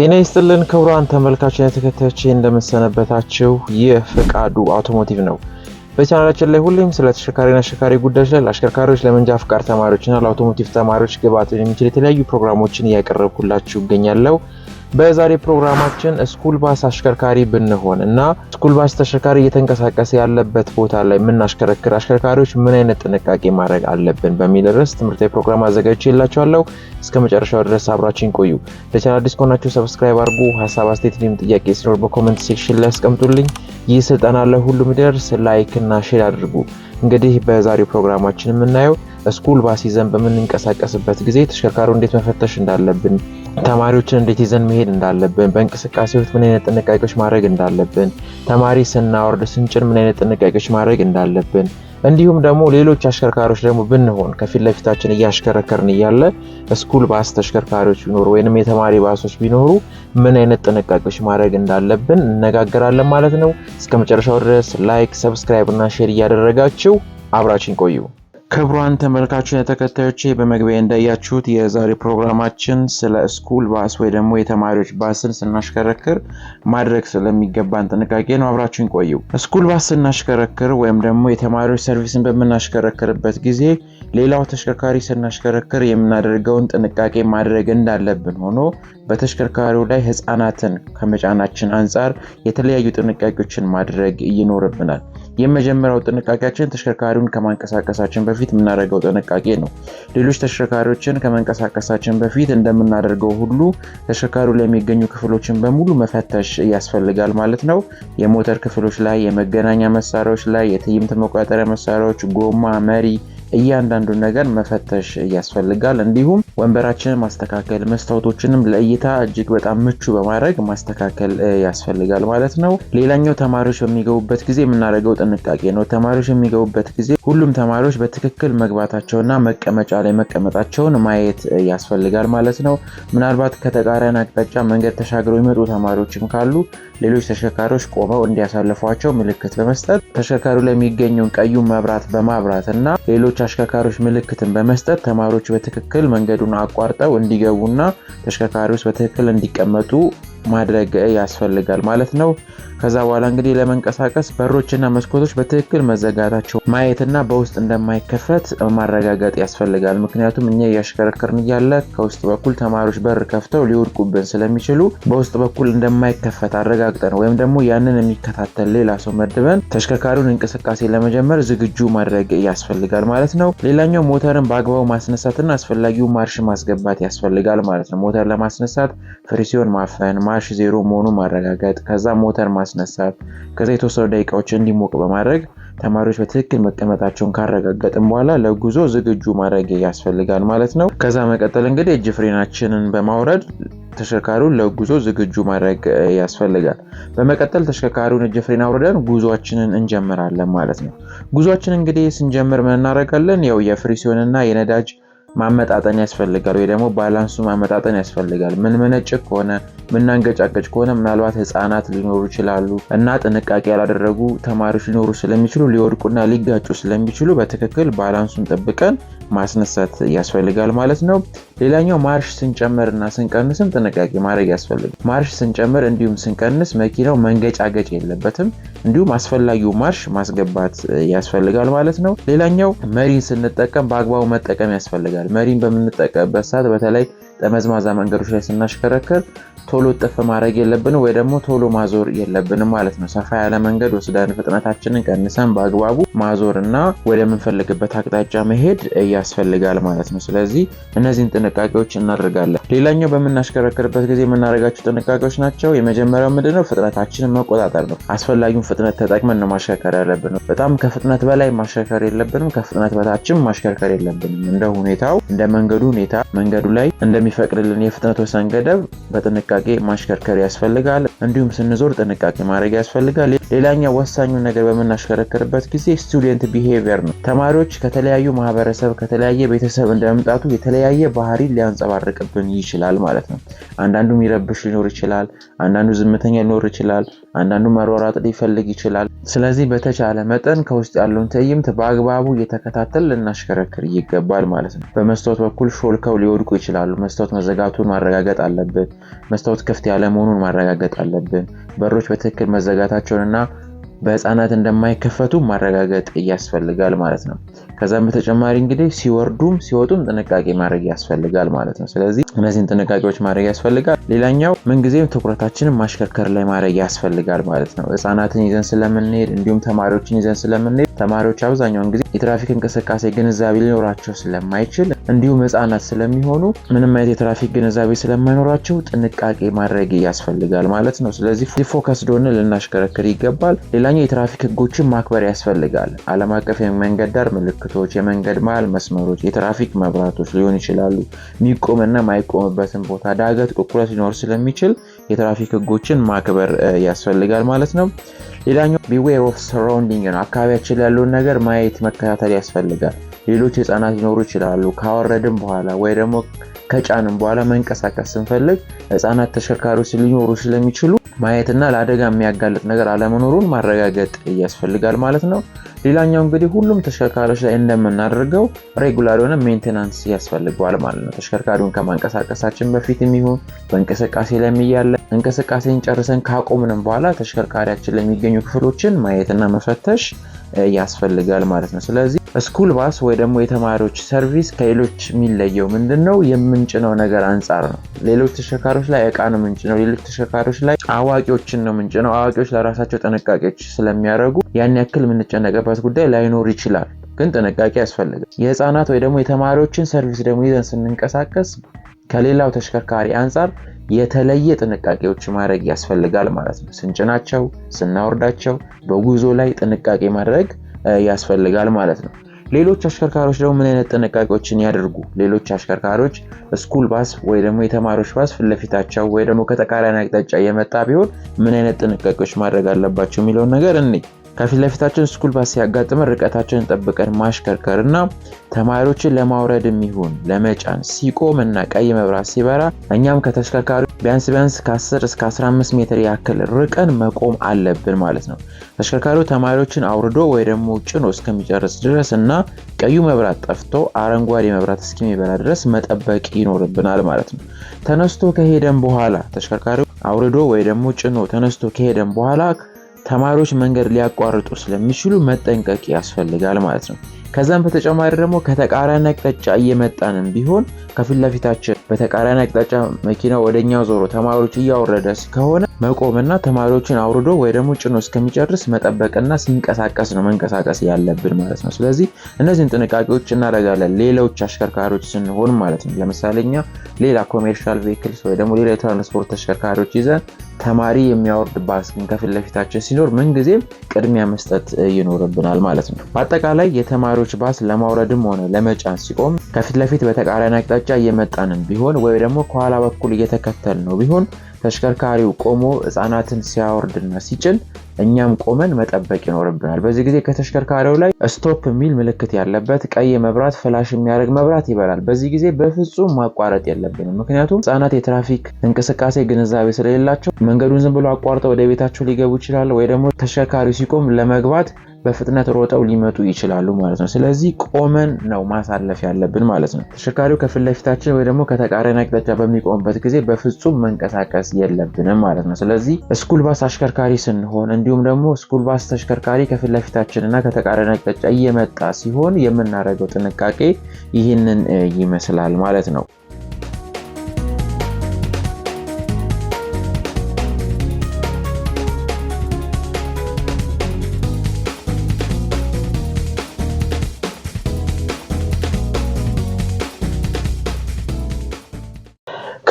ጤና ይስጥልን ክቡራን ተመልካችና ተከታዮች እንደምሰነበታችሁ፣ ይህ ፍቃዱ አውቶሞቲቭ ነው። በቻናላችን ላይ ሁሌም ስለ ተሽከርካሪና አሽከርካሪ ጉዳዮች ላይ ለአሽከርካሪዎች፣ ለመንጃ ፍቃድ ተማሪዎችና ለአውቶሞቲቭ ተማሪዎች ግብዓት የሚችል የተለያዩ ፕሮግራሞችን እያቀረብኩላችሁ ይገኛለሁ። በዛሬ ፕሮግራማችን ስኩል ባስ አሽከርካሪ ብንሆን እና ስኩል ባስ ተሽከርካሪ እየተንቀሳቀሰ ያለበት ቦታ ላይ የምናሽከረክር አሽከርካሪዎች ምን አይነት ጥንቃቄ ማድረግ አለብን በሚል ርዕስ ትምህርታዊ ፕሮግራም አዘጋጅቼላችኋለሁ። እስከ መጨረሻው ድረስ አብራችን ቆዩ። ለቻናል አዲስ ከሆናችሁ ሰብስክራይብ አድርጉ። ሀሳብ አስተያየት፣ እንዲሁም ጥያቄ ሲኖር በኮመንት ሴክሽን ላይ አስቀምጡልኝ። ይህ ስልጠና ለሁሉም ይደርስ፣ ላይክ እና ሼር አድርጉ። እንግዲህ በዛሬው ፕሮግራማችን የምናየው ስኩል ባስ ይዘን በምንንቀሳቀስበት ጊዜ ተሽከርካሪው እንዴት መፈተሽ እንዳለብን፣ ተማሪዎችን እንዴት ይዘን መሄድ እንዳለብን፣ በእንቅስቃሴ ውስጥ ምን አይነት ጥንቃቄዎች ማድረግ እንዳለብን፣ ተማሪ ስናወርድ ስንጭን ምን አይነት ጥንቃቄዎች ማድረግ እንዳለብን እንዲሁም ደግሞ ሌሎች አሽከርካሪዎች ደግሞ ብንሆን ከፊት ለፊታችን እያሽከረከርን እያለ ስኩል ባስ ተሽከርካሪዎች ቢኖሩ ወይንም የተማሪ ባሶች ቢኖሩ ምን አይነት ጥንቃቄዎች ማድረግ እንዳለብን እነጋገራለን ማለት ነው። እስከ መጨረሻው ድረስ ላይክ፣ ሰብስክራይብ እና ሼር እያደረጋችሁ አብራችን ቆዩ። ክቡራን ተመልካች ተከታዮቼ በመግቢያ እንዳያችሁት የዛሬ ፕሮግራማችን ስለ ስኩል ባስ ወይ ደግሞ የተማሪዎች ባስን ስናሽከረክር ማድረግ ስለሚገባን ጥንቃቄ ነው። አብራችሁን ቆዩ። ስኩል ባስ ስናሽከረክር ወይም ደግሞ የተማሪዎች ሰርቪስን በምናሽከረክርበት ጊዜ ሌላው ተሽከርካሪ ስናሽከረክር የምናደርገውን ጥንቃቄ ማድረግ እንዳለብን ሆኖ በተሽከርካሪው ላይ ህፃናትን ከመጫናችን አንጻር የተለያዩ ጥንቃቄዎችን ማድረግ ይኖርብናል። የመጀመሪያው ጥንቃቄያችን ተሽከርካሪውን ከማንቀሳቀሳችን በፊት የምናደርገው ጥንቃቄ ነው። ሌሎች ተሽከርካሪዎችን ከመንቀሳቀሳችን በፊት እንደምናደርገው ሁሉ ተሽከርካሪው ላይ የሚገኙ ክፍሎችን በሙሉ መፈተሽ ያስፈልጋል ማለት ነው። የሞተር ክፍሎች ላይ፣ የመገናኛ መሳሪያዎች ላይ፣ የትዕይንት መቆጣጠሪያ መሳሪያዎች፣ ጎማ፣ መሪ እያንዳንዱን ነገር መፈተሽ ያስፈልጋል። እንዲሁም ወንበራችንን ማስተካከል፣ መስታወቶችንም ለእይታ እጅግ በጣም ምቹ በማድረግ ማስተካከል ያስፈልጋል ማለት ነው። ሌላኛው ተማሪዎች በሚገቡበት ጊዜ የምናደርገው ጥንቃቄ ነው። ተማሪዎች የሚገቡበት ጊዜ ሁሉም ተማሪዎች በትክክል መግባታቸውና መቀመጫ ላይ መቀመጣቸውን ማየት ያስፈልጋል ማለት ነው። ምናልባት ከተቃራኒ አቅጣጫ መንገድ ተሻግረው ይመጡ ተማሪዎችም ካሉ ሌሎች ተሽከርካሪዎች ቆመው እንዲያሳልፏቸው ምልክት በመስጠት ተሽከርካሪው ላይ የሚገኘውን ቀዩ መብራት በማብራት እና ሌሎች አሽከርካሪዎች ምልክትን በመስጠት ተማሪዎች በትክክል መንገዱ መንገዱን አቋርጠው እንዲገቡና ተሽከርካሪዎች በትክክል እንዲቀመጡ ማድረግ ያስፈልጋል ማለት ነው። ከዛ በኋላ እንግዲህ ለመንቀሳቀስ በሮችና መስኮቶች በትክክል መዘጋታቸው ማየትና በውስጥ እንደማይከፈት ማረጋገጥ ያስፈልጋል። ምክንያቱም እኛ እያሽከረከርን እያለ ከውስጥ በኩል ተማሪዎች በር ከፍተው ሊወድቁብን ስለሚችሉ በውስጥ በኩል እንደማይከፈት አረጋግጠን ወይም ደግሞ ያንን የሚከታተል ሌላ ሰው መድበን ተሽከርካሪውን እንቅስቃሴ ለመጀመር ዝግጁ ማድረግ ያስፈልጋል ማለት ነው። ሌላኛው ሞተርን በአግባቡ ማስነሳትና አስፈላጊው ማርሽ ማስገባት ያስፈልጋል ማለት ነው። ሞተር ለማስነሳት ፍሪሲዮን ማፈን ማርሽ ዜሮ መሆኑን ማረጋገጥ፣ ከዛ ሞተር ማስነሳት፣ ከዛ የተወሰኑ ደቂቃዎች እንዲሞቅ በማድረግ ተማሪዎች በትክክል መቀመጣቸውን ካረጋገጥን በኋላ ለጉዞ ዝግጁ ማድረግ ያስፈልጋል ማለት ነው። ከዛ መቀጠል እንግዲህ እጅ ፍሬናችንን በማውረድ ተሽከርካሪውን ለጉዞ ዝግጁ ማድረግ ያስፈልጋል። በመቀጠል ተሽከርካሪውን እጅ ፍሬን አውርደን ጉዞችንን እንጀምራለን ማለት ነው። ጉዞችን እንግዲህ ስንጀምር ምን እናደርጋለን? ያው የፍሪ ሲሆንና የነዳጅ ማመጣጠን ያስፈልጋል፣ ወይ ደግሞ ባላንሱ ማመጣጠን ያስፈልጋል። ምን ምነጭቅ ከሆነ ምናንገጫገጭ ከሆነ ምናልባት ህፃናት ሊኖሩ ይችላሉ እና ጥንቃቄ ያላደረጉ ተማሪዎች ሊኖሩ ስለሚችሉ ሊወድቁና ሊጋጩ ስለሚችሉ በትክክል ባላንሱን ጠብቀን ማስነሳት ያስፈልጋል ማለት ነው። ሌላኛው ማርሽ እና ስንቀንስም ጥንቃቄ ማድረግ ያስፈልጋል። ማርሽ ስንጨምር እንዲሁም ስንቀንስ መኪናው መንገጫገጭ የለበትም። እንዲሁም አስፈላጊው ማርሽ ማስገባት ያስፈልጋል ማለት ነው። ሌላኛው መሪን ስንጠቀም በአግባቡ መጠቀም ያስፈልጋል። ያስፈልጋል። መሪን በምንጠቀምበት ሰዓት በተለይ ጠመዝማዛ መንገዶች ላይ ስናሽከረከር ቶሎ ጥፍ ማድረግ የለብንም ወይ ደግሞ ቶሎ ማዞር የለብንም ማለት ነው። ሰፋ ያለ መንገድ ወስደን ፍጥነታችንን ቀንሰን በአግባቡ ማዞር እና ወደምንፈልግበት አቅጣጫ መሄድ ያስፈልጋል ማለት ነው። ስለዚህ እነዚህን ጥንቃቄዎች እናደርጋለን። ሌላኛው በምናሽከረክርበት ጊዜ የምናደርጋቸው ጥንቃቄዎች ናቸው። የመጀመሪያው ምንድነው? ፍጥነታችንን መቆጣጠር ነው። አስፈላጊውን ፍጥነት ተጠቅመን ነው ማሽከርከር ያለብን። በጣም ከፍጥነት በላይ ማሽከርከር የለብንም፣ ከፍጥነት በታችም ማሽከርከር የለብንም። እንደ ሁኔታው እንደ መንገዱ ሁኔታ መንገዱ ላይ እንደሚ የሚፈቅድልን የፍጥነት ወሰን ገደብ በጥንቃቄ ማሽከርከር ያስፈልጋል። እንዲሁም ስንዞር ጥንቃቄ ማድረግ ያስፈልጋል። ሌላኛው ወሳኙ ነገር በምናሽከረክርበት ጊዜ ስቱደንት ቢሄቪየር ነው። ተማሪዎች ከተለያዩ ማህበረሰብ ከተለያየ ቤተሰብ እንደመምጣቱ የተለያየ ባህሪ ሊያንጸባርቅብን ይችላል ማለት ነው። አንዳንዱ የሚረብሽ ሊኖር ይችላል፣ አንዳንዱ ዝምተኛ ሊኖር ይችላል፣ አንዳንዱ መሯሯጥ ሊፈልግ ይችላል። ስለዚህ በተቻለ መጠን ከውስጥ ያለውን ትዕይንት በአግባቡ እየተከታተል ልናሽከረክር ይገባል ማለት ነው። በመስታወት በኩል ሾልከው ሊወድቁ ይችላሉ። መስታወት መዘጋቱን ማረጋገጥ አለብን። መስታወት ክፍት ያለ መሆኑን ማረጋገጥ አለብን። በሮች በትክክል መዘጋታቸውንና በህፃናት እንደማይከፈቱ ማረጋገጥ ያስፈልጋል ማለት ነው። ከዛም በተጨማሪ እንግዲህ ሲወርዱም ሲወጡም ጥንቃቄ ማድረግ ያስፈልጋል ማለት ነው። ስለዚህ እነዚህን ጥንቃቄዎች ማድረግ ያስፈልጋል። ሌላኛው ምንጊዜም ትኩረታችንን ማሽከርከር ላይ ማድረግ ያስፈልጋል ማለት ነው። ህፃናትን ይዘን ስለምንሄድ እንዲሁም ተማሪዎችን ይዘን ስለምንሄድ ተማሪዎች አብዛኛውን ጊዜ የትራፊክ እንቅስቃሴ ግንዛቤ ሊኖራቸው ስለማይችል እንዲሁም ህጻናት ስለሚሆኑ ምንም አይነት የትራፊክ ግንዛቤ ስለማይኖራቸው ጥንቃቄ ማድረግ ያስፈልጋል ማለት ነው። ስለዚህ ፎከስ ዶን ልናሽከረክር ይገባል። ሌላኛው የትራፊክ ህጎችን ማክበር ያስፈልጋል። ዓለም አቀፍ የመንገድ ዳር ምልክቶች፣ የመንገድ መሀል መስመሮች፣ የትራፊክ መብራቶች ሊሆን ይችላሉ። የሚቆምና የማይቆምበትን ቦታ፣ ዳገት፣ ቁልቁለት ሊኖር ስለሚችል የትራፊክ ህጎችን ማክበር ያስፈልጋል ማለት ነው። ሌላኛው ቢዌር ኦፍ ሰራውንዲንግ ነው። አካባቢያችን ያለውን ነገር ማየት መከታተል ያስፈልጋል። ሌሎች ህጻናት ሊኖሩ ይችላሉ። ካወረድን በኋላ ወይ ደግሞ ከጫንም በኋላ መንቀሳቀስ ስንፈልግ ህጻናት ተሽከርካሪዎች ሊኖሩ ስለሚችሉ ማየትና ለአደጋ የሚያጋልጥ ነገር አለመኖሩን ማረጋገጥ ያስፈልጋል ማለት ነው። ሌላኛው እንግዲህ ሁሉም ተሽከርካሪዎች ላይ እንደምናደርገው ሬጉላር የሆነ ሜንቴናንስ ያስፈልገዋል ማለት ነው። ተሽከርካሪውን ከማንቀሳቀሳችን በፊት የሚሆን በእንቅስቃሴ ላይ እያለ እንቅስቃሴን ጨርሰን ካቆምንም በኋላ ተሽከርካሪያችን ለሚገኙ ክፍሎችን ማየትና መፈተሽ ያስፈልጋል ማለት ነው። ስለዚህ ስኩል ባስ ወይ ደግሞ የተማሪዎች ሰርቪስ ከሌሎች የሚለየው ምንድን ነው? የምንጭነው ነገር አንጻር ነው። ሌሎች ተሽከርካሪዎች ላይ እቃ ነው ምንጭነው። ሌሎች ተሽከርካሪዎች ላይ አዋቂዎችን ነው ምንጭነው። አዋቂዎች ለራሳቸው ጥንቃቄዎች ስለሚያደርጉ ያን ያክል የምንጨነቅበት ጉዳይ ላይኖር ይችላል፣ ግን ጥንቃቄ ያስፈልጋል። የህፃናት ወይ ደግሞ የተማሪዎችን ሰርቪስ ደግሞ ይዘን ስንንቀሳቀስ ከሌላው ተሽከርካሪ አንጻር የተለየ ጥንቃቄዎች ማድረግ ያስፈልጋል ማለት ነው። ስንጭናቸው፣ ስናወርዳቸው፣ በጉዞ ላይ ጥንቃቄ ማድረግ ያስፈልጋል ማለት ነው። ሌሎች አሽከርካሪዎች ደግሞ ምን አይነት ጥንቃቄዎችን ያደርጉ? ሌሎች አሽከርካሪዎች ስኩል ባስ ወይ ደግሞ የተማሪዎች ባስ ፊት ለፊታቸው ወይ ደግሞ ከተቃራኒ አቅጣጫ የመጣ ቢሆን ምን አይነት ጥንቃቄዎች ማድረግ አለባቸው የሚለውን ነገር እንይ። ከፊት ለፊታችን ስኩል ባስ ሲያጋጥመን ርቀታችንን ጠብቀን ማሽከርከር እና ተማሪዎችን ለማውረድ የሚሆን ለመጫን ሲቆም እና ቀይ መብራት ሲበራ እኛም ከተሽከርካሪ ቢያንስ ቢያንስ ከ10 እስከ 15 ሜትር ያክል ርቀን መቆም አለብን ማለት ነው። ተሽከርካሪው ተማሪዎችን አውርዶ ወይ ደግሞ ጭኖ እስከሚጨርስ ድረስ እና ቀዩ መብራት ጠፍቶ አረንጓዴ መብራት እስከሚበራ ድረስ መጠበቅ ይኖርብናል ማለት ነው። ተነስቶ ከሄደን በኋላ ተሽከርካሪው አውርዶ ወይ ደግሞ ጭኖ ተነስቶ ከሄደን በኋላ ተማሪዎች መንገድ ሊያቋርጡ ስለሚችሉ መጠንቀቅ ያስፈልጋል ማለት ነው። ከዛም በተጨማሪ ደግሞ ከተቃራኒ አቅጣጫ እየመጣንም ቢሆን ከፊት ለፊታችን በተቃራኒ አቅጣጫ መኪና ወደኛ ዞሮ ተማሪዎች እያወረደ ከሆነ መቆምና ተማሪዎችን አውርዶ ወይ ደግሞ ጭኖ እስከሚጨርስ መጠበቅና ሲንቀሳቀስ ነው መንቀሳቀስ ያለብን ማለት ነው። ስለዚህ እነዚህን ጥንቃቄዎች እናደርጋለን ሌሎች አሽከርካሪዎች ስንሆን ማለት ነው። ለምሳሌ እኛ ሌላ ኮሜርሻል ቬክልስ ወይ ደግሞ ሌላ የትራንስፖርት ተሽከርካሪዎች ይዘን ተማሪ የሚያወርድ ባስ ከፊት ለፊታችን ሲኖር ምንጊዜም ቅድሚያ መስጠት ይኖርብናል ማለት ነው። በአጠቃላይ የተማሪ የተሽከርካሪዎች ባስ ለማውረድም ሆነ ለመጫን ሲቆም ከፊት ለፊት በተቃራኒ አቅጣጫ እየመጣንም ቢሆን ወይ ደግሞ ከኋላ በኩል እየተከተል ነው ቢሆን ተሽከርካሪው ቆሞ ህፃናትን ሲያወርድና ሲጭን እኛም ቆመን መጠበቅ ይኖርብናል። በዚህ ጊዜ ከተሽከርካሪው ላይ ስቶፕ የሚል ምልክት ያለበት ቀይ መብራት ፍላሽ የሚያደርግ መብራት ይበራል። በዚህ ጊዜ በፍጹም ማቋረጥ የለብንም። ምክንያቱም ህጻናት የትራፊክ እንቅስቃሴ ግንዛቤ ስለሌላቸው መንገዱን ዝም ብሎ አቋርጠው ወደ ቤታቸው ሊገቡ ይችላሉ፣ ወይ ደግሞ ተሽከርካሪው ሲቆም ለመግባት በፍጥነት ሮጠው ሊመጡ ይችላሉ ማለት ነው። ስለዚህ ቆመን ነው ማሳለፍ ያለብን ማለት ነው። ተሽከርካሪው ከፊት ለፊታችን ወይ ደግሞ ከተቃራኒ አቅጣጫ በሚቆምበት ጊዜ በፍጹም መንቀሳቀስ የለብንም ማለት ነው። ስለዚህ ስኩል ባስ አሽከርካሪ ስንሆን እንዲሁም ደግሞ ስኩል ባስ ተሽከርካሪ ከፊት ለፊታችን እና ከተቃራኒ አቅጣጫ እየመጣ ሲሆን የምናደርገው ጥንቃቄ ይህንን ይመስላል ማለት ነው።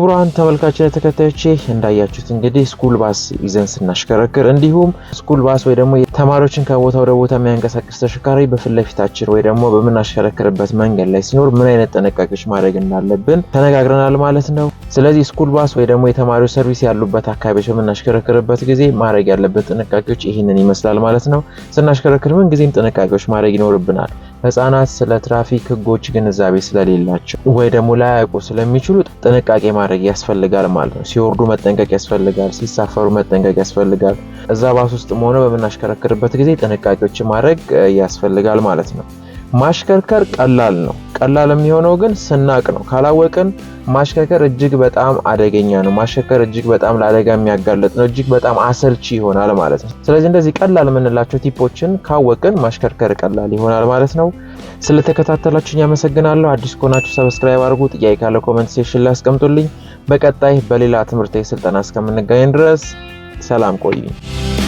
ክቡራን ተመልካች ተከታዮቼ እንዳያችሁት እንግዲህ ስኩል ባስ ይዘን ስናሽከረክር እንዲሁም ስኩል ባስ ወይ ደግሞ ተማሪዎችን ከቦታ ወደ ቦታ የሚያንቀሳቀስ ተሽከርካሪ በፊት ለፊታችን ወይ ደግሞ በምናሽከረክርበት መንገድ ላይ ሲኖር ምን አይነት ጥንቃቄዎች ማድረግ እንዳለብን ተነጋግረናል ማለት ነው። ስለዚህ ስኩል ባስ ወይ ደግሞ የተማሪዎች ሰርቪስ ያሉበት አካባቢዎች በምናሽከረክርበት ጊዜ ማድረግ ያለበት ጥንቃቄዎች ይህንን ይመስላል ማለት ነው። ስናሽከረክር ምን ጊዜም ጥንቃቄዎች ማድረግ ይኖርብናል። ህጻናት ስለ ትራፊክ ህጎች ግንዛቤ ስለሌላቸው ወይ ደግሞ ላያውቁ ስለሚችሉ ጥንቃቄ ማድረግ ያስፈልጋል ማለት ነው። ሲወርዱ መጠንቀቅ ያስፈልጋል፣ ሲሳፈሩ መጠንቀቅ ያስፈልጋል። እዛ ባስ ውስጥ ሆነ በምናሽከረክርበት ጊዜ ጥንቃቄዎች ማድረግ ያስፈልጋል ማለት ነው። ማሽከርከር ቀላል ነው። ቀላል የሚሆነው ግን ስናቅ ነው። ካላወቅን ማሽከርከር እጅግ በጣም አደገኛ ነው። ማሽከርከር እጅግ በጣም ለአደጋ የሚያጋለጥ ነው። እጅግ በጣም አሰልቺ ይሆናል ማለት ነው። ስለዚህ እንደዚህ ቀላል የምንላቸው ቲፖችን ካወቅን ማሽከርከር ቀላል ይሆናል ማለት ነው። ስለተከታተላችሁኝ ያመሰግናለሁ። አዲስ ከሆናችሁ ሰብስክራይብ አድርጉ። ጥያቄ ካለ ኮመንት ሴሽን ላይ አስቀምጡልኝ። በቀጣይ በሌላ ትምህርታዊ ስልጠና እስከምንገናኝ ድረስ ሰላም ቆዩኝ።